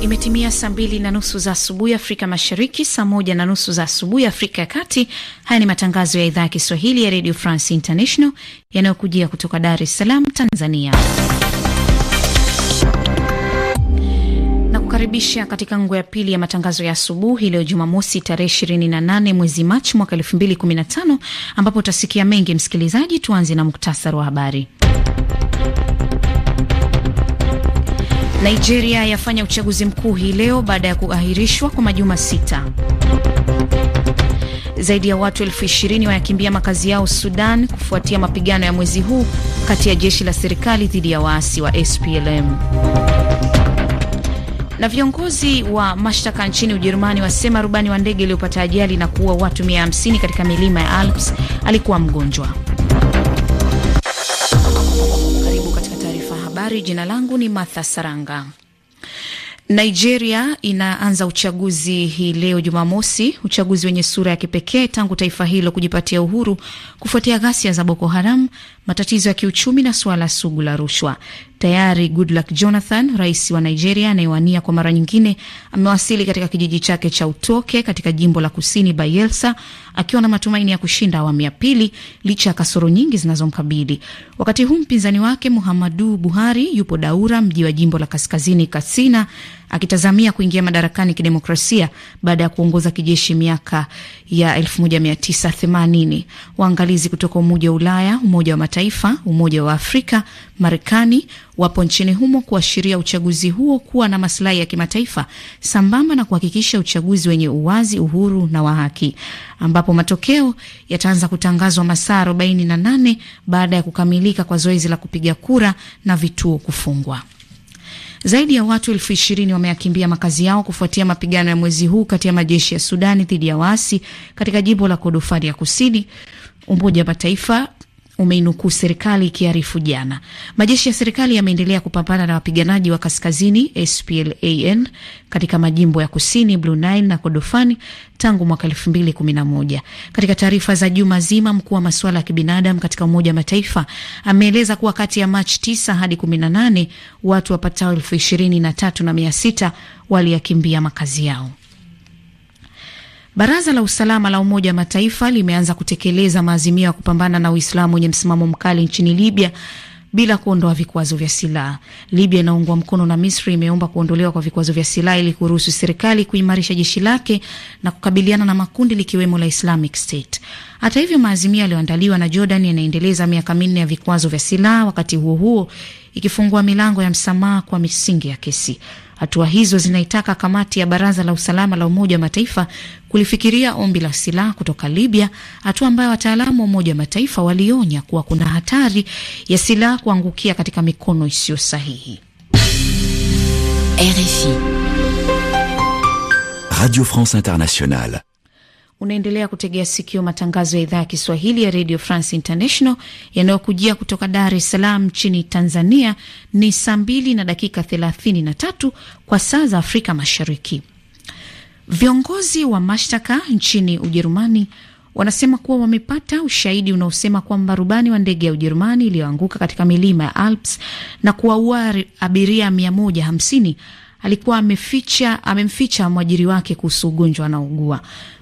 Imetimia saa mbili na nusu za asubuhi Afrika Mashariki, saa moja na nusu za asubuhi Afrika ya Kati. Haya ni matangazo ya idhaa ya Kiswahili ya Radio France International yanayokujia kutoka Dar es Salaam, Tanzania. Karibisha katika ngo ya pili ya matangazo ya asubuhi leo Jumamosi tarehe 28 mwezi Machi mwaka 2015 ambapo utasikia mengi msikilizaji. Tuanze na muktasari wa habari. Nigeria yafanya uchaguzi mkuu hii leo baada ya kuahirishwa kwa majuma sita. Zaidi ya watu elfu ishirini wanakimbia makazi yao Sudan kufuatia mapigano ya mwezi huu kati ya jeshi la serikali dhidi ya waasi wa SPLM. Na viongozi wa mashtaka nchini Ujerumani wasema rubani wa ndege iliyopata ajali na kuua watu 150 katika milima ya Alps alikuwa mgonjwa. habari. Jina langu ni Martha Saranga. Nigeria inaanza uchaguzi hii leo Jumamosi, uchaguzi wenye sura ya kipekee tangu taifa hilo kujipatia uhuru kufuatia ghasia za Boko Haram matatizo ya kiuchumi na suala sugu la rushwa. Tayari Goodluck Jonathan, rais wa Nigeria anayewania kwa mara nyingine, amewasili katika kijiji chake cha Utoke katika jimbo la kusini Bayelsa, akiwa na matumaini ya kushinda awamu ya pili licha ya kasoro nyingi zinazomkabili. Wakati huu mpinzani wake Muhammadu Buhari yupo Daura, mji wa jimbo la kaskazini Katsina, akitazamia kuingia madarakani kidemokrasia baada ya kuongoza kijeshi miaka ya 1980. Waangalizi kutoka Umoja wa Ulaya, Umoja wa Mataifa, Umoja wa Afrika, Marekani wapo nchini humo kuashiria uchaguzi huo kuwa na masilahi ya kimataifa sambamba na kuhakikisha uchaguzi wenye uwazi, uhuru na wa haki, ambapo matokeo yataanza kutangazwa masaa 48 baada ya kukamilika kwa zoezi la kupiga kura na vituo kufungwa. Zaidi ya watu elfu ishirini wameyakimbia makazi yao kufuatia mapigano ya mwezi huu kati ya majeshi ya Sudani dhidi ya waasi katika jimbo la Kordofani ya Kusini, Umoja wa Mataifa umeinukuu serikali ikiarifu jana. Majeshi ya serikali yameendelea kupambana na wapiganaji wa kaskazini SPLAN katika majimbo ya kusini Blue Nile na Kordofani tangu mwaka elfu mbili kumi na moja. Katika taarifa za juma zima, mkuu wa masuala ya kibinadamu katika Umoja wa Mataifa ameeleza kuwa kati ya Machi tisa hadi kumi na nane watu wapatao elfu ishirini na tatu na mia sita waliyakimbia makazi yao. Baraza la usalama la Umoja wa Mataifa limeanza kutekeleza maazimio ya kupambana na Uislamu wenye msimamo mkali nchini Libya bila kuondoa vikwazo vya silaha. Libya inaungwa mkono na Misri imeomba kuondolewa kwa vikwazo vya silaha ili kuruhusu serikali kuimarisha jeshi lake na kukabiliana na makundi likiwemo la Islamic State. Hata hivyo, maazimio yaliyoandaliwa na Jordan yanaendeleza miaka minne ya vikwazo vya silaha, wakati huo huo ikifungua milango ya msamaha kwa misingi ya kesi. Hatua hizo zinaitaka kamati ya Baraza la Usalama la Umoja wa Mataifa kulifikiria ombi la silaha kutoka Libya, hatua ambayo wataalamu wa Umoja wa Mataifa walionya kuwa kuna hatari ya silaha kuangukia katika mikono isiyo sahihi. RFI Radio France Internationale Unaendelea kutegea sikio matangazo ya idhaa ya Kiswahili ya Radio France International yanayokujia kutoka Dar es Salaam nchini Tanzania. Ni saa mbili na dakika thelathini na tatu kwa saa za Afrika Mashariki. Viongozi wa mashtaka nchini Ujerumani wanasema kuwa wamepata ushahidi unaosema kwamba rubani wa ndege ya Ujerumani iliyoanguka katika milima ya Alps na kuwaua abiria 150 alikuwa ameficha amemficha mwajiri wake kuhusu ugonjwa anaougua.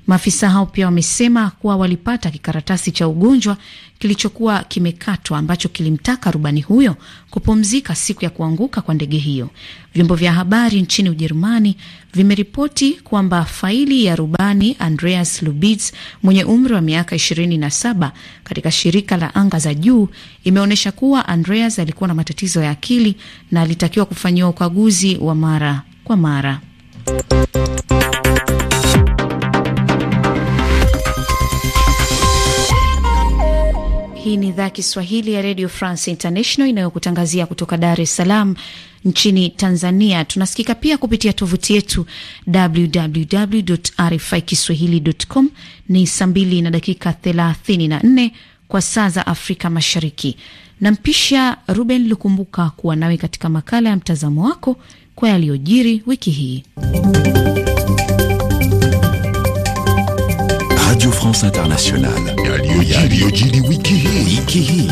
Maafisa hao pia wamesema kuwa walipata kikaratasi cha ugonjwa kilichokuwa kimekatwa ambacho kilimtaka rubani huyo kupumzika siku ya kuanguka kwa ndege hiyo. Vyombo vya habari nchini Ujerumani vimeripoti kwamba faili ya rubani Andreas Lubitz mwenye umri wa miaka 27 katika shirika la anga za juu imeonyesha kuwa Andreas alikuwa na matatizo ya akili na alitakiwa kufanyiwa ukaguzi wa mara kwa mara. Hii ni idhaa Kiswahili ya Radio France International inayokutangazia kutoka Dar es Salaam nchini Tanzania. Tunasikika pia kupitia tovuti yetu rfi kiswahili.com. Ni saa mbili na dakika 34 kwa saa za Afrika Mashariki. Nampisha Ruben Lukumbuka kuwa nawe katika makala ya mtazamo wako kwa yaliyojiri wiki hii. Radio France Internationale yaliyojiri wiki hii wiki hii.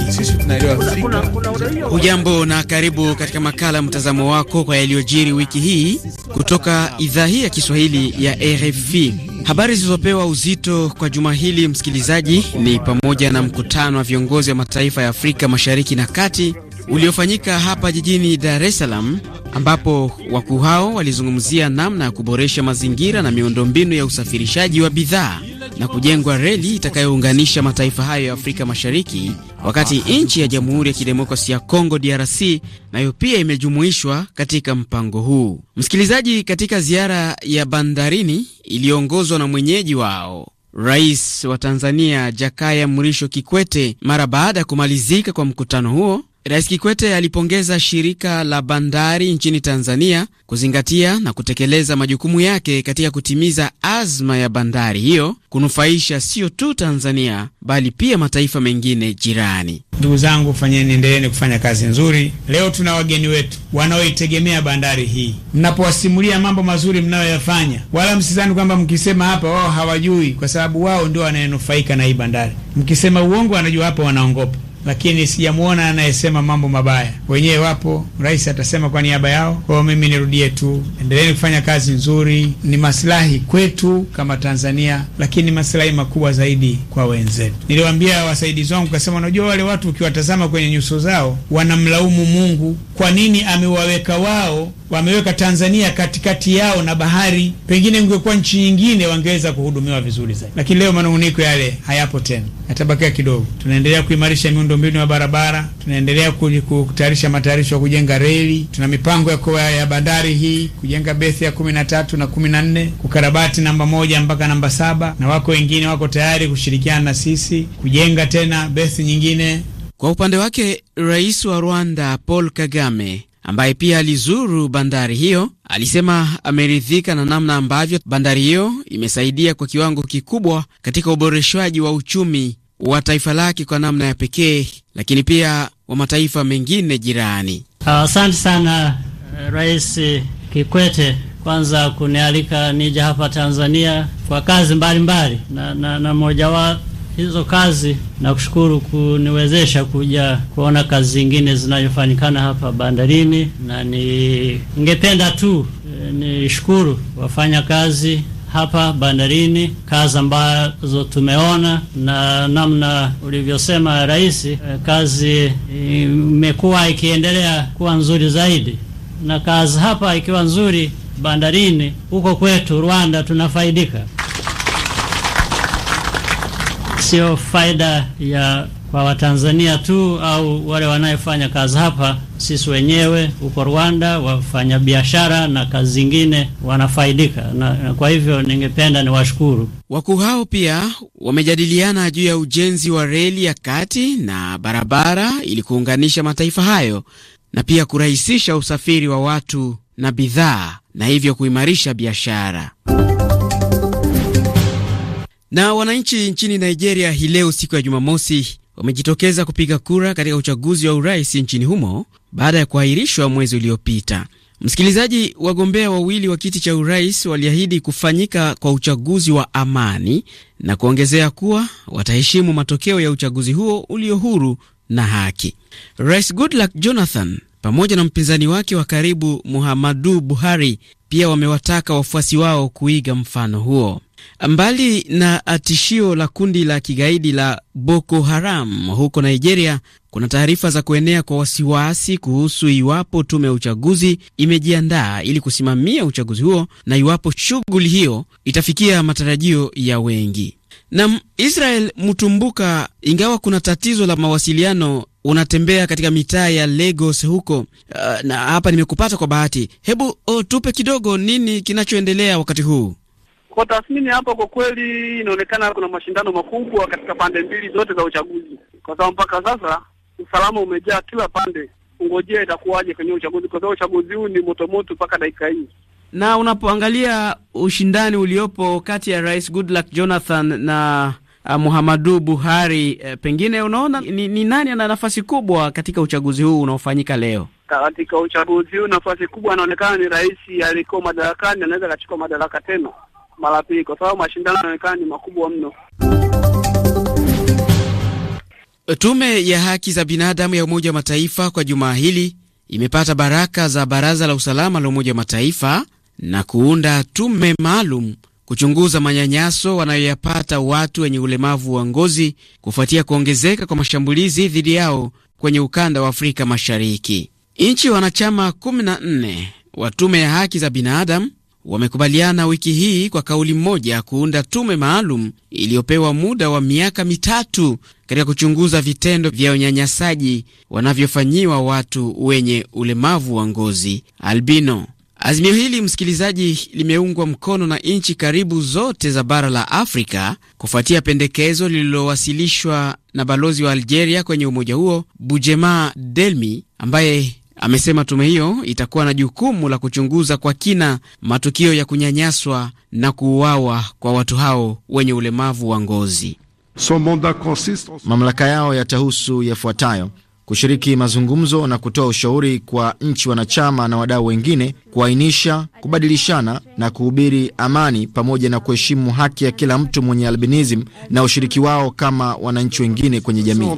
Hujambo na karibu katika makala mtazamo wako kwa yaliyojiri wiki hii kutoka idhaa hii ya Kiswahili ya RFI. Habari zilizopewa uzito kwa juma hili, msikilizaji, ni pamoja na mkutano wa viongozi wa mataifa ya Afrika Mashariki na Kati uliofanyika hapa jijini Dar es Salaam ambapo wakuu hao walizungumzia namna ya kuboresha mazingira na miundombinu ya usafirishaji wa bidhaa na kujengwa reli itakayounganisha mataifa hayo ya Afrika Mashariki, wakati nchi ya Jamhuri ya Kidemokrasia ya Kongo DRC nayo pia imejumuishwa katika mpango huu. Msikilizaji, katika ziara ya bandarini iliyoongozwa na mwenyeji wao Rais wa Tanzania Jakaya Mrisho Kikwete mara baada ya kumalizika kwa mkutano huo Rais Kikwete alipongeza shirika la bandari nchini Tanzania kuzingatia na kutekeleza majukumu yake katika kutimiza azma ya bandari hiyo kunufaisha sio tu Tanzania bali pia mataifa mengine jirani. Ndugu zangu, fanyeni, endeleeni kufanya kazi nzuri. Leo tuna wageni wetu wanaoitegemea bandari hii. Mnapowasimulia mambo mazuri mnayoyafanya, wala msizani kwamba mkisema hapa wao hawajui, kwa sababu wao ndio wanayenufaika na hii bandari. Mkisema uongo, wanajua hapa, wanaongopa lakini sijamwona anayesema mambo mabaya. Wenyewe wapo, rais atasema kwa niaba yao. Kwa mimi nirudie tu, endeleeni kufanya kazi nzuri, ni masilahi kwetu kama Tanzania, lakini masilahi makubwa zaidi kwa wenzetu. Niliwaambia wasaidizi wangu, kasema, unajua wale watu ukiwatazama kwenye nyuso zao wanamlaumu Mungu, kwa nini amewaweka wao wameweka Tanzania katikati yao na bahari. Pengine ingekuwa nchi nyingine wangeweza kuhudumiwa vizuri zaidi, lakini leo manunguniko yale hayapo tena, yatabakia kidogo. Tunaendelea kuimarisha miundo miundombinu ya barabara, tunaendelea kutayarisha matayarisho ya kujenga reli, tuna mipango ya kwa ya bandari hii kujenga besi ya kumi na tatu na kumi na nne kukarabati namba moja mpaka namba saba na wako wengine wako tayari kushirikiana na sisi kujenga tena bethi nyingine. Kwa upande wake, rais wa Rwanda Paul Kagame ambaye pia alizuru bandari hiyo alisema ameridhika na namna ambavyo bandari hiyo imesaidia kwa kiwango kikubwa katika uboreshwaji wa uchumi wa taifa lake kwa namna ya pekee, lakini pia wa mataifa mengine jirani. Asante sana eh, Rais Kikwete kwanza kunialika nija hapa Tanzania kwa kazi mbalimbali mbali, na, na, na moja wa hizo kazi na kushukuru kuniwezesha kuja kuona kazi zingine zinayofanyikana hapa bandarini, na ningependa tu eh, nishukuru wafanya kazi hapa bandarini, kazi ambazo tumeona na namna ulivyosema rais, eh, kazi imekuwa ikiendelea kuwa nzuri zaidi, na kazi hapa ikiwa nzuri bandarini, huko kwetu Rwanda tunafaidika, sio faida ya kwa Watanzania tu au wale wanayefanya kazi hapa sisi wenyewe huko Rwanda, wafanyabiashara na kazi zingine wanafaidika na, na kwa hivyo ningependa niwashukuru wakuu hao. Pia wamejadiliana juu ya ujenzi wa reli ya kati na barabara ili kuunganisha mataifa hayo na pia kurahisisha usafiri wa watu na bidhaa na hivyo kuimarisha biashara. Na wananchi nchini Nigeria hii leo siku ya Jumamosi wamejitokeza kupiga kura katika uchaguzi wa urais nchini humo baada ya kuahirishwa mwezi uliopita. Msikilizaji, wagombea wawili wa kiti cha urais waliahidi kufanyika kwa uchaguzi wa amani na kuongezea kuwa wataheshimu matokeo ya uchaguzi huo ulio huru na haki. Rais Goodluck Jonathan pamoja na mpinzani wake wa karibu Muhammadu Buhari pia wamewataka wafuasi wao kuiga mfano huo. Mbali na tishio la kundi la kigaidi la Boko Haram huko Nigeria, kuna taarifa za kuenea kwa wasiwasi kuhusu iwapo tume ya uchaguzi imejiandaa ili kusimamia uchaguzi huo na iwapo shughuli hiyo itafikia matarajio ya wengi. Na Israel Mutumbuka, ingawa kuna tatizo la mawasiliano, unatembea katika mitaa ya Lagos huko, uh, na hapa nimekupata kwa bahati. Hebu oh, tupe kidogo, nini kinachoendelea wakati huu? Kwa tathmini hapa, kwa kweli inaonekana kuna mashindano makubwa katika pande mbili zote za uchaguzi, kwa sababu mpaka sasa usalama umejaa kila pande. Ungojea itakuwaje kwenye uchaguzi, kwa sababu uchaguzi huu ni motomoto mpaka dakika hii. Na unapoangalia ushindani uliopo kati ya Rais Goodluck Jonathan na uh, Muhammadu Buhari, uh, pengine unaona ni, ni nani ana nafasi kubwa katika uchaguzi huu unaofanyika leo? Katika uchaguzi huu nafasi kubwa anaonekana ni rais aliyekuwa madarakani, anaweza akachukua madaraka tena mara pili, kwa sababu mashindano yanaonekana ni makubwa mno. Tume ya haki za binadamu ya Umoja wa Mataifa kwa jumaa hili imepata baraka za Baraza la Usalama la Umoja wa Mataifa na kuunda tume maalum kuchunguza manyanyaso wanayoyapata watu wenye ulemavu wa ngozi kufuatia kuongezeka kwa mashambulizi dhidi yao kwenye ukanda wa Afrika Mashariki. Nchi wanachama 14 wa tume ya haki za binadamu wamekubaliana wiki hii kwa kauli mmoja kuunda tume maalum iliyopewa muda wa miaka mitatu katika kuchunguza vitendo vya unyanyasaji wanavyofanyiwa watu wenye ulemavu wa ngozi albino. Azimio hili msikilizaji, limeungwa mkono na nchi karibu zote za bara la Afrika kufuatia pendekezo lililowasilishwa na balozi wa Algeria kwenye umoja huo Bujema Delmi ambaye Amesema tume hiyo itakuwa na jukumu la kuchunguza kwa kina matukio ya kunyanyaswa na kuuawa kwa watu hao wenye ulemavu wa ngozi. Mamlaka yao yatahusu yafuatayo: kushiriki mazungumzo na kutoa ushauri kwa nchi wanachama na wadau wengine, kuainisha, kubadilishana na kuhubiri amani, pamoja na kuheshimu haki ya kila mtu mwenye albinism na ushiriki wao kama wananchi wengine kwenye jamii.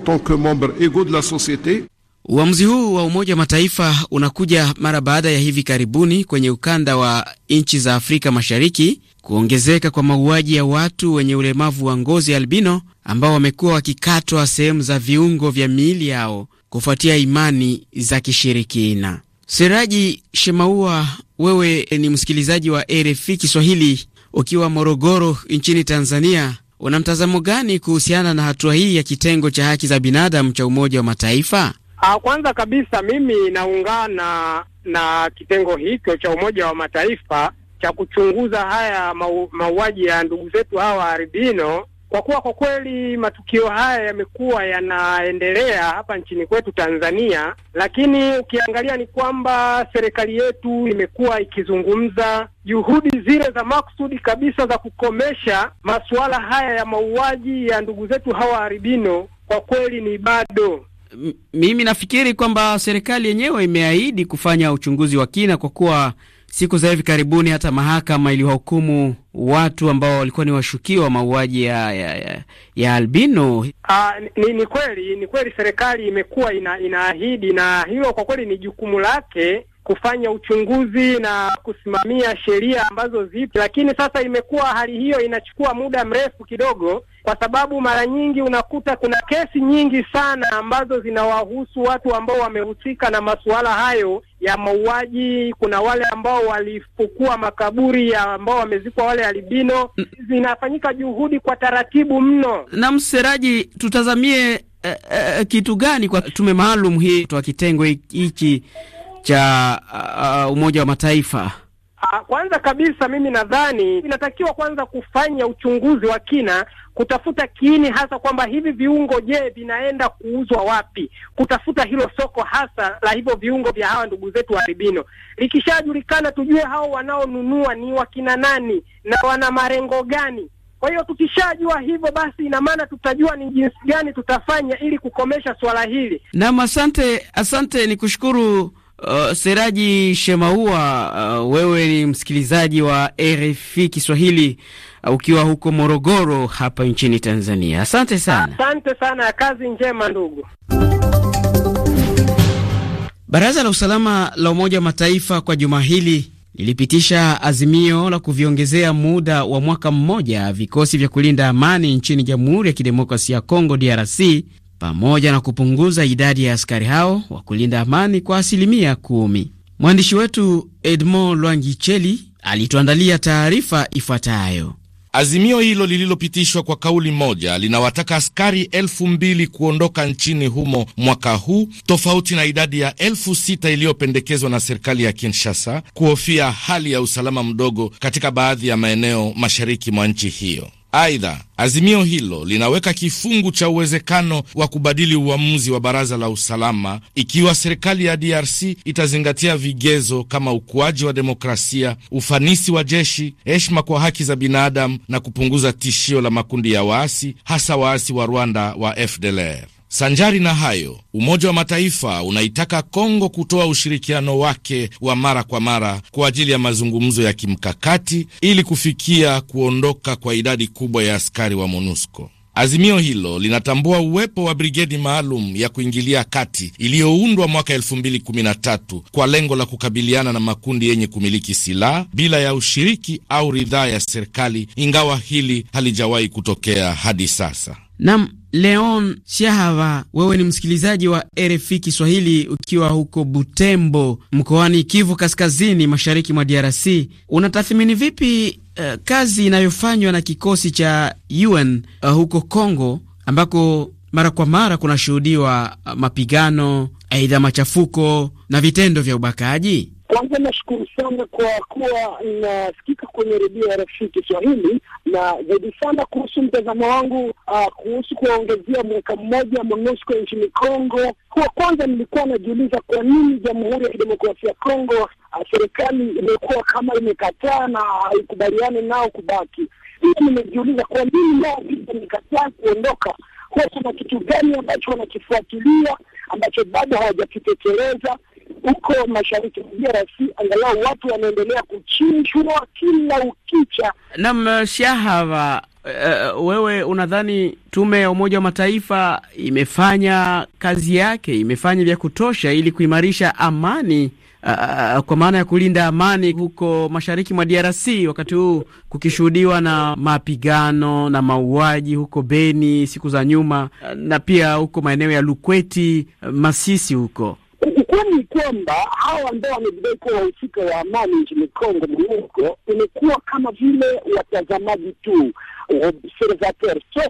Uamuzi huu wa Umoja wa Mataifa unakuja mara baada ya hivi karibuni kwenye ukanda wa nchi za Afrika Mashariki kuongezeka kwa mauaji ya watu wenye ulemavu wa ngozi albino ambao wamekuwa wakikatwa sehemu za viungo vya miili yao kufuatia imani za kishirikina. Seraji Shemaua, wewe ni msikilizaji wa RFI Kiswahili ukiwa Morogoro nchini Tanzania, una mtazamo gani kuhusiana na hatua hii ya kitengo cha haki za binadamu cha Umoja wa Mataifa? Ah, kwanza kabisa mimi naungana na kitengo hicho cha Umoja wa Mataifa cha kuchunguza haya mauaji ya ndugu zetu hawa albino, kwa kuwa kwa kweli matukio haya yamekuwa yanaendelea hapa nchini kwetu Tanzania, lakini ukiangalia ni kwamba serikali yetu imekuwa ikizungumza juhudi zile za maksudi kabisa za kukomesha masuala haya ya mauaji ya ndugu zetu hawa albino, kwa kweli ni bado mimi nafikiri kwamba serikali yenyewe imeahidi kufanya uchunguzi wa kina, kwa kuwa siku za hivi karibuni hata mahakama iliwahukumu watu ambao walikuwa ni washukiwa wa mauaji ya, ya, ya, ya albino. Aa, ah, ni, ni kweli ni kweli serikali imekuwa ina, inaahidi na hilo kwa kweli ni jukumu lake kufanya uchunguzi na kusimamia sheria ambazo zipo, lakini sasa imekuwa hali hiyo inachukua muda mrefu kidogo kwa sababu mara nyingi unakuta kuna kesi nyingi sana ambazo zinawahusu watu ambao wamehusika na masuala hayo ya mauaji. Kuna wale ambao walifukua makaburi ya ambao wamezikwa wale albino. Zinafanyika juhudi kwa taratibu mno. Na mseraji, tutazamie uh, uh, kitu gani kwa tume maalum hii toa kitengo hiki cha uh, Umoja wa Mataifa? Ah, kwanza kabisa mimi nadhani inatakiwa kwanza kufanya uchunguzi wa kina, kutafuta kiini hasa kwamba hivi viungo, je, vinaenda kuuzwa wapi? Kutafuta hilo soko hasa la hivyo viungo vya hawa ndugu zetu wa albino. Likishajulikana, tujue hao wanaonunua ni wakina nani na wana malengo gani. Kwa hiyo tukishajua hivyo basi, ina maana tutajua ni jinsi gani tutafanya ili kukomesha swala hili. Naam, asante, asante, ni kushukuru Uh, Seraji Shemaua, uh, wewe ni msikilizaji wa RFI Kiswahili uh, ukiwa huko Morogoro hapa nchini Tanzania. Asante sana. Asante sana, kazi njema ndugu. Baraza la Usalama la Umoja wa Mataifa kwa juma hili lilipitisha azimio la kuviongezea muda wa mwaka mmoja vikosi vya kulinda amani nchini Jamhuri ya Kidemokrasia ya Kongo DRC pamoja na kupunguza idadi ya askari hao wa kulinda amani kwa asilimia kumi. Mwandishi wetu Edmond Lwangicheli alituandalia taarifa ifuatayo. Azimio hilo lililopitishwa kwa kauli moja linawataka askari elfu mbili kuondoka nchini humo mwaka huu, tofauti na idadi ya elfu sita iliyopendekezwa na serikali ya Kinshasa, kuhofia hali ya usalama mdogo katika baadhi ya maeneo mashariki mwa nchi hiyo. Aidha, azimio hilo linaweka kifungu cha uwezekano wa kubadili uamuzi wa baraza la usalama ikiwa serikali ya DRC itazingatia vigezo kama ukuaji wa demokrasia, ufanisi wa jeshi, heshima kwa haki za binadamu na kupunguza tishio la makundi ya waasi, hasa waasi wa Rwanda wa FDLR. Sanjari na hayo, Umoja wa Mataifa unaitaka Kongo kutoa ushirikiano wake wa mara kwa mara kwa ajili ya mazungumzo ya kimkakati ili kufikia kuondoka kwa idadi kubwa ya askari wa MONUSCO. Azimio hilo linatambua uwepo wa brigedi maalum ya kuingilia kati iliyoundwa mwaka 2013 kwa lengo la kukabiliana na makundi yenye kumiliki silaha bila ya ushiriki au ridhaa ya serikali, ingawa hili halijawahi kutokea hadi sasa. Nam Leon Shahava, wewe ni msikilizaji wa RFI Kiswahili ukiwa huko Butembo mkoani Kivu Kaskazini, mashariki mwa DRC. Unatathmini vipi uh, kazi inayofanywa na kikosi cha UN uh, eh, huko Congo ambako mara kwa mara kunashuhudiwa eh, mapigano, aidha machafuko na vitendo vya ubakaji? Kwanza nashukuru sana kwa kuwa nasikika kwenye redio ya RFI Kiswahili, na zaidi sana kuhusu mtazamo wangu uh, kuhusu kuwaongezea mwaka mmoja MONUSCO nchini Kongo. Kwa kwanza nilikuwa najiuliza kwa nini Jamhuri ya Kidemokrasia ya Kongo uh, serikali imekuwa kama imekataa na haikubaliani nao kubaki. Hiyo nimejiuliza kwa nini nao imekataa kuondoka huwa kuna kitu gani ambacho wanakifuatilia ambacho bado hawajakitekeleza? huko mashariki mwa DRC angalau watu wanaendelea kuchinjwa kila ukicha. Naam, eh, Shahava, uh, eh, wewe unadhani tume ya Umoja wa Mataifa imefanya kazi yake, imefanya vya kutosha ili kuimarisha amani uh, kwa maana ya kulinda amani huko mashariki mwa DRC wakati huu kukishuhudiwa na mapigano na mauaji huko Beni siku za nyuma, uh, na pia huko maeneo ya Lukweti, uh, Masisi huko Ukweli ni kwamba hawa ambao wamejidai kuwa wahusika wa amani nchini Kongo, MONUSCO imekuwa kama vile watazamaji tu, observateur. So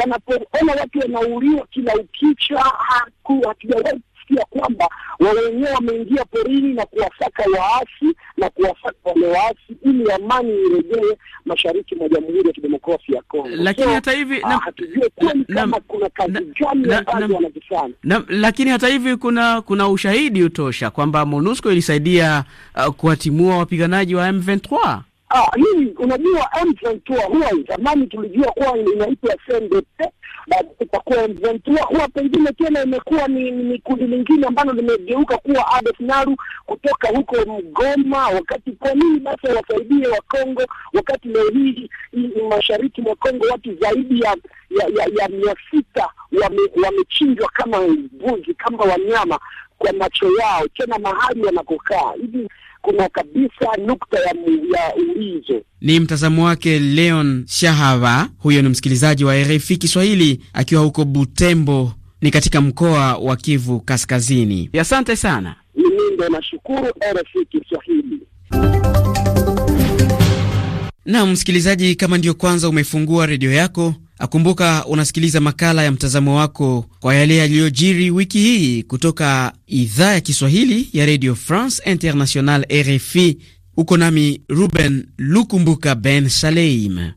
wanapoona watu wanauliwa kila ukicha, hakujawahi kusikia kwamba wao wenyewe wameingia porini na kuwasaka waasi na kuwasaka wale waasi ili amani irejee mashariki mwa Jamhuri ya Kidemokrasia ya Kongo. Lakini hata hivi ah, hatujue kama kuna kazi gani ambazo wanazifanya. Lakini hata hivi kuna kuna ushahidi utosha kwamba MONUSCO ilisaidia uh, kuwatimua wapiganaji wa M23. Ah, mimi unajua M23 huwa zamani tulijua kuwa inaitwa SNDP, baadaye ikakuwa M23, huwa pengine tena imekuwa ni, ni kundi lingine ambalo limegeuka kuwa ADF Nalu kutoka huko Mgoma. Wakati kwa nini basi wasaidie wa Kongo, wakati leo hii mashariki mwa Kongo watu zaidi ya ya, ya, ya mia sita wamechinjwa wame kama mbuzi kama wanyama kwa macho yao, tena mahali wanakokaa hivi kuna kabisa nukta ya, ya ulizo. Ni mtazamo wake Leon Shahava, huyo ni msikilizaji wa RFI Kiswahili akiwa huko Butembo, ni katika mkoa wa Kivu Kaskazini. Asante sana. Mimi ndo nashukuru RFI Kiswahili. Na msikilizaji, kama ndiyo kwanza umefungua redio yako Akumbuka unasikiliza makala ya mtazamo wako kwa yale yaliyojiri wiki hii kutoka idhaa ya Kiswahili ya Radio France International, RFI. Uko nami Ruben Lukumbuka Ben Saleim.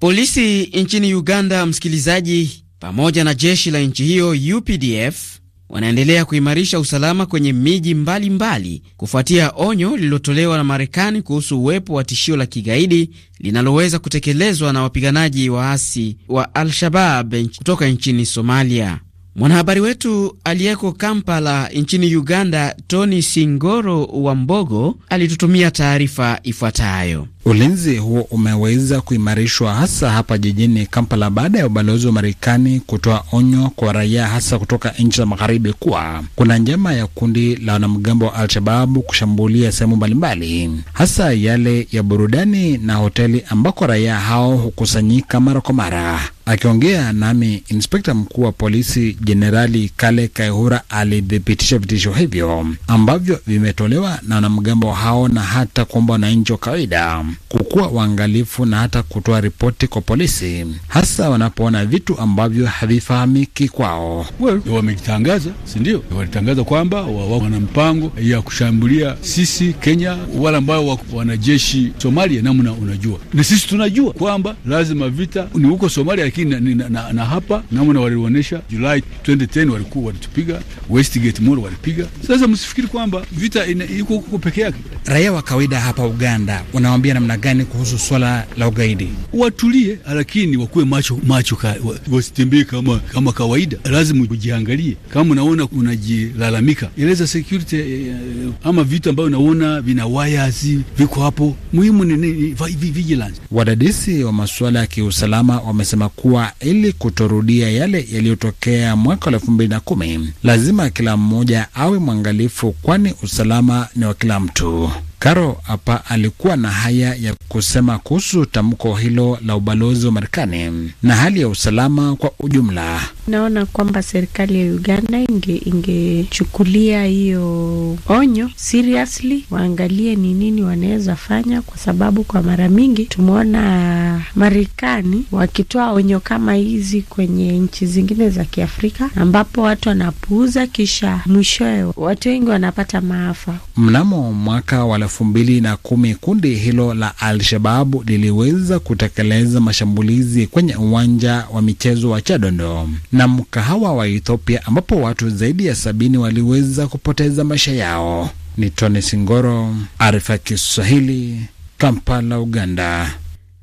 Polisi nchini Uganda, msikilizaji, pamoja na jeshi la nchi hiyo UPDF wanaendelea kuimarisha usalama kwenye miji mbalimbali mbali, kufuatia onyo lililotolewa na Marekani kuhusu uwepo wa tishio la kigaidi linaloweza kutekelezwa na wapiganaji waasi wa Al-Shabab kutoka nchini Somalia. Mwanahabari wetu aliyeko Kampala nchini Uganda, Tony Singoro wa Mbogo, alitutumia taarifa ifuatayo. Ulinzi huo umeweza kuimarishwa hasa hapa jijini Kampala baada ya ubalozi wa Marekani kutoa onyo kwa raia hasa kutoka nchi za magharibi kuwa kuna njama ya kundi la wanamgambo wa Al-Shababu kushambulia sehemu mbalimbali, hasa yale ya burudani na hoteli ambako raia hao hukusanyika mara kwa mara. Akiongea nami inspekta mkuu wa polisi Jenerali Kale Kaihura alithibitisha vitisho hivyo ambavyo vimetolewa na wanamgambo hao na hata kuomba wananchi wa kawaida kukuwa waangalifu na hata kutoa ripoti kwa polisi, hasa wanapoona vitu ambavyo havifahamiki kwao. Well, wamejitangaza, sindio? Walitangaza kwamba wana mpango ya kushambulia sisi Kenya, wale ambao wanajeshi Somalia. Namna unajua na sisi tunajua kwamba lazima vita ni huko Somalia lakini na, na, na na hapa namna walionyesha Julai 2010 walikuwa walitupiga, Westgate Mall walipiga. Sasa msifikiri kwamba vita iko huko peke yake. Raia wa kawaida hapa Uganda wanawaambia namna gani kuhusu swala la ugaidi? Watulie, lakini wakuwe macho macho, ka, wa, wasitembee kama kama kawaida. Lazima ujiangalie, kama unaona unajilalamika, eleza security eh, eh ama vitu ambayo unaona vina wires viko hapo. Muhimu ni vigilance. Wadadisi wa masuala ya kiusalama wamesema kuwa ili kutorudia yale yaliyotokea mwaka elfu mbili na kumi lazima kila mmoja awe mwangalifu, kwani usalama ni wa kila mtu karo hapa alikuwa na haya ya kusema kuhusu tamko hilo la ubalozi wa Marekani na hali ya usalama kwa ujumla. Naona kwamba serikali ya Uganda ingechukulia inge hiyo onyo seriously, waangalie ni nini wanaweza fanya, kwa sababu kwa mara mingi tumeona Marekani wakitoa onyo kama hizi kwenye nchi zingine za Kiafrika ambapo watu wanapuuza, kisha mwishowe watu wengi wanapata maafa. Mnamo mwaka wa elfu mbili na kumi kundi hilo la Al-Shababu liliweza kutekeleza mashambulizi kwenye uwanja wa michezo wa Chadondo na mkahawa wa Ethiopia ambapo watu zaidi ya sabini waliweza kupoteza maisha yao. Ni Tony Singoro, Arifa Kiswahili, Kampala, Uganda.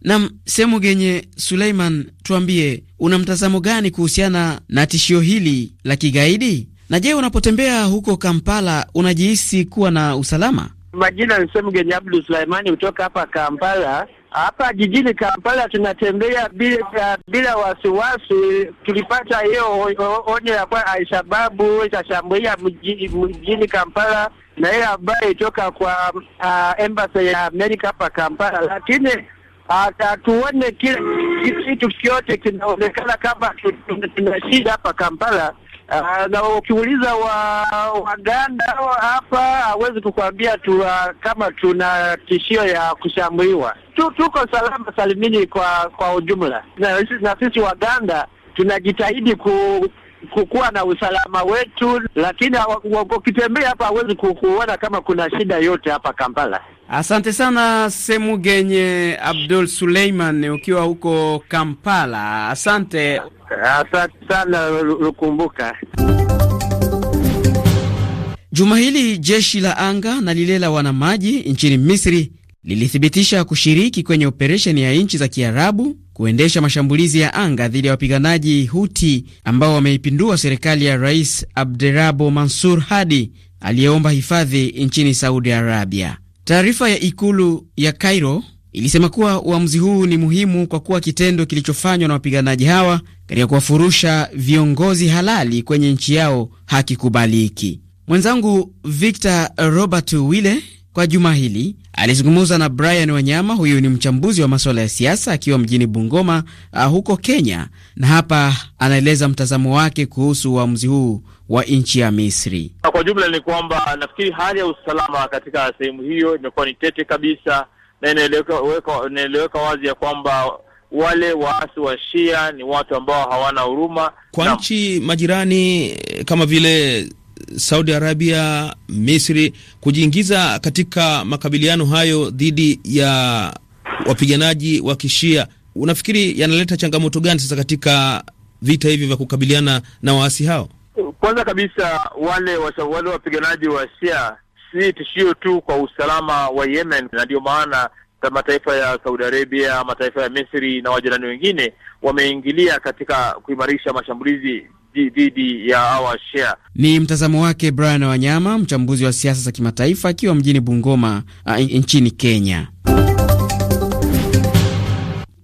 Nam genye Suleiman, tuambie una mtazamo gani kuhusiana na tishio hili la kigaidi? Na je, unapotembea huko Kampala unajihisi kuwa na usalama? Majina ni Genya abdu Sulaimani kutoka hapa Kampala. Hapa jijini Kampala tunatembea bila bila wasiwasi. Tulipata hiyo onyo ya kwa Alshababu itashambulia mjini Kampala na hiyo ambayo itoka kwa uh, embassy ya Amerika hapa Kampala, lakini hatuone kile kitu kyote kinaonekana kama tuna shida hapa Kampala. Uh, na ukiuliza Waganda hapa hawezi kukwambia tu, ah, kama tuna tishio ya kushambuliwa tu, tuko salama salimini kwa kwa ujumla, na, na sisi Waganda tunajitahidi ku kukuwa na usalama wetu, lakini wakitembea hapa hawezi kuona kama kuna shida yote hapa Kampala. Asante sana Semugenye Abdul Suleiman, ukiwa huko Kampala. Asante, asante sana Lukumbuka. Juma hili jeshi la anga na lile la wanamaji nchini Misri lilithibitisha kushiriki kwenye operesheni ya nchi za Kiarabu kuendesha mashambulizi ya anga dhidi ya wapiganaji Huti ambao wameipindua serikali ya Rais Abderabo Mansur Hadi aliyeomba hifadhi nchini Saudi Arabia. Taarifa ya ikulu ya Cairo ilisema kuwa uamuzi huu ni muhimu kwa kuwa kitendo kilichofanywa na wapiganaji hawa katika kuwafurusha viongozi halali kwenye nchi yao hakikubaliki. Mwenzangu Victor Robert Wille kwa juma hili Alizungumza na Brian Wanyama, huyu ni mchambuzi wa masuala ya siasa akiwa mjini Bungoma, uh, huko Kenya, na hapa anaeleza mtazamo wake kuhusu uamuzi huu wa nchi ya Misri. Kwa jumla ni kwamba nafikiri hali ya usalama katika sehemu hiyo imekuwa ni tete kabisa, na inaeleweka wazi ya kwamba wale waasi wa Shia ni watu ambao hawana huruma kwa nchi majirani eh, kama vile Saudi Arabia, Misri kujiingiza katika makabiliano hayo dhidi ya wapiganaji wa Kishia, unafikiri yanaleta changamoto gani sasa katika vita hivi vya kukabiliana na waasi hao? Kwanza kabisa wale wale wapiganaji wa Shia si tishio tu kwa usalama wa Yemen, na ndio maana mataifa ya Saudi Arabia, mataifa ya Misri na wajirani wengine wameingilia katika kuimarisha mashambulizi dhidi ya hawa Shia. Ni mtazamo wake Brian Wanyama, mchambuzi wa siasa za kimataifa akiwa mjini Bungoma uh, nchini Kenya.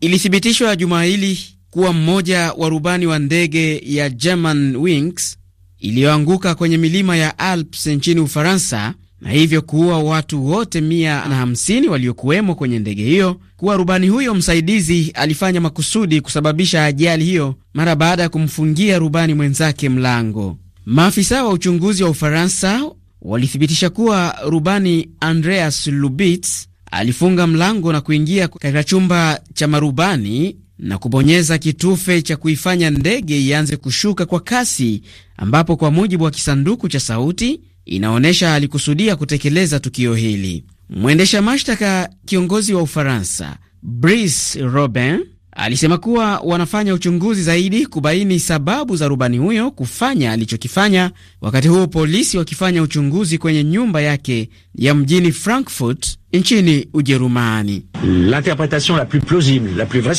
Ilithibitishwa juma hili kuwa mmoja wa rubani wa ndege ya Germanwings iliyoanguka kwenye milima ya Alps nchini Ufaransa na hivyo kuua watu wote mia na hamsini waliokuwemo kwenye ndege hiyo, kuwa rubani huyo msaidizi alifanya makusudi kusababisha ajali hiyo mara baada ya kumfungia rubani mwenzake mlango. Maafisa wa uchunguzi wa Ufaransa walithibitisha kuwa rubani Andreas Lubitz alifunga mlango na kuingia katika chumba cha marubani na kubonyeza kitufe cha kuifanya ndege ianze kushuka kwa kasi, ambapo kwa mujibu wa kisanduku cha sauti inaonyesha alikusudia kutekeleza tukio hili. Mwendesha mashtaka kiongozi wa Ufaransa Brice Robin alisema kuwa wanafanya uchunguzi zaidi kubaini sababu za rubani huyo kufanya alichokifanya, wakati huo polisi wakifanya uchunguzi kwenye nyumba yake ya mjini Frankfurt nchini Ujerumani.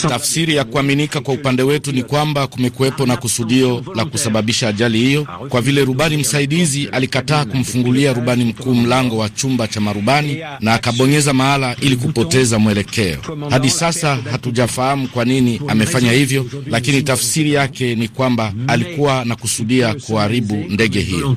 Tafsiri ya kuaminika kwa upande wetu ni kwamba kumekuwepo na kusudio la kusababisha ajali hiyo, kwa vile rubani msaidizi alikataa kumfungulia rubani mkuu mlango wa chumba cha marubani na akabonyeza mahala ili kupoteza mwelekeo. Hadi sasa hatujafahamu kwa nini amefanya hivyo, lakini tafsiri yake ni kwamba alikuwa na kusudia kuharibu ndege hiyo.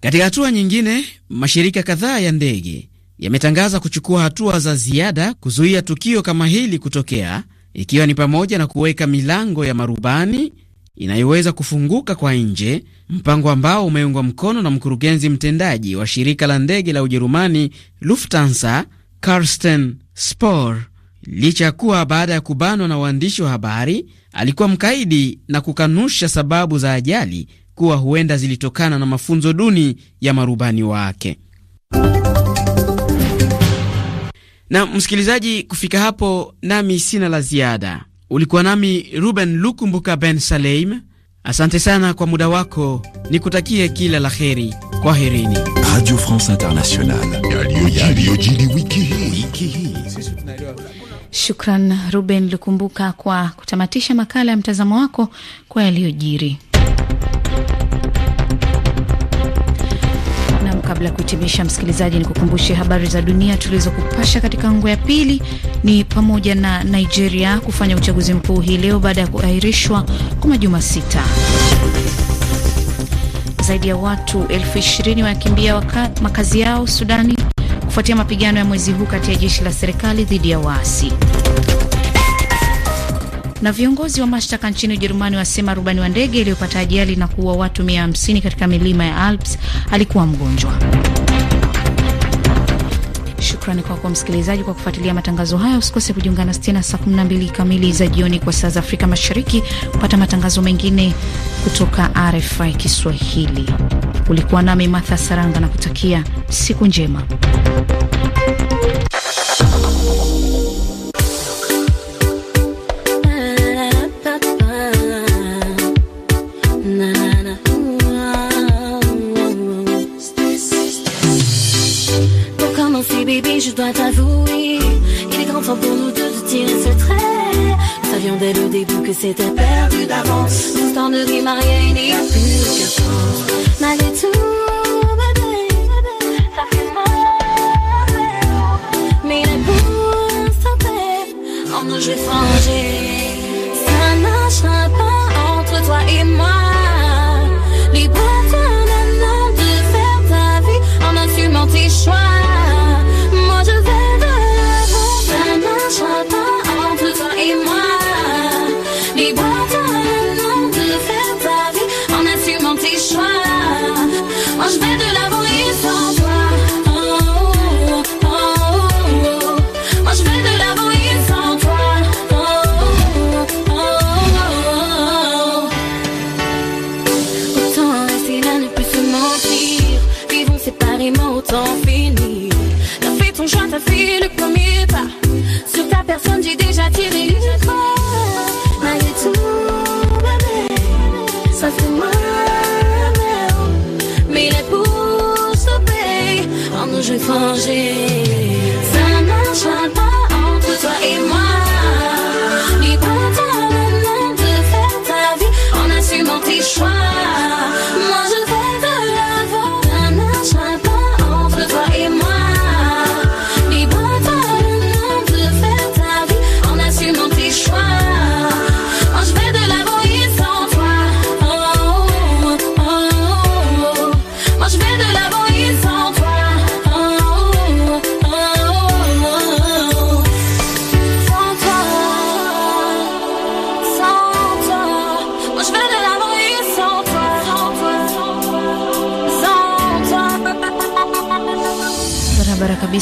Katika hatua nyingine, mashirika kadhaa ya ndege yametangaza kuchukua hatua za ziada kuzuia tukio kama hili kutokea, ikiwa ni pamoja na kuweka milango ya marubani inayoweza kufunguka kwa nje, mpango ambao umeungwa mkono na mkurugenzi mtendaji wa shirika la ndege la Ujerumani Lufthansa Carsten Spohr. Licha ya kuwa baada ya kubanwa na waandishi wa habari alikuwa mkaidi na kukanusha sababu za ajali kuwa huenda zilitokana na mafunzo duni ya marubani wake. Na msikilizaji, kufika hapo nami sina la ziada. Ulikuwa nami Ruben Lukumbuka Ben Saleim. Asante sana kwa muda wako, nikutakie kila la heri. Kwa herini. Radio France Internationale. wiki hii. Shukran Ruben Lukumbuka kwa kutamatisha makala ya mtazamo wako kwa yaliyojiri. kabla ya kuhitimisha, msikilizaji, ni kukumbushe habari za dunia tulizokupasha katika ngo ya pili ni pamoja na Nigeria kufanya uchaguzi mkuu hii leo baada ya kuahirishwa kwa majuma sita. Zaidi ya watu elfu ishirini wanakimbia makazi yao Sudani kufuatia mapigano ya mwezi huu kati ya jeshi la serikali dhidi ya waasi. Na viongozi wa mashtaka nchini Ujerumani wasema rubani wa ndege iliyopata ajali na kuua watu 150 katika milima ya Alps alikuwa mgonjwa. Shukrani kwako kwa msikilizaji kwa kufuatilia matangazo haya. Usikose kujiunga nasi tena saa 12 kamili za jioni kwa saa za Afrika Mashariki kupata matangazo mengine kutoka RFI Kiswahili. Ulikuwa nami Martha Saranga na kutakia siku njema. J'étais perdu d'avance. tout en rien, il n'y ni plus.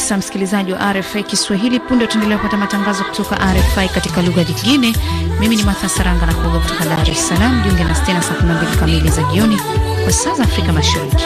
kabisa, msikilizaji wa RFI Kiswahili. Punde tuendelea kupata matangazo kutoka RFI katika lugha nyingine. Mimi ni Martha Saranga na kuoga kutoka Dar es Salaam. Jiunge na stena saa 12 kamili za jioni kwa saa za Afrika Mashariki.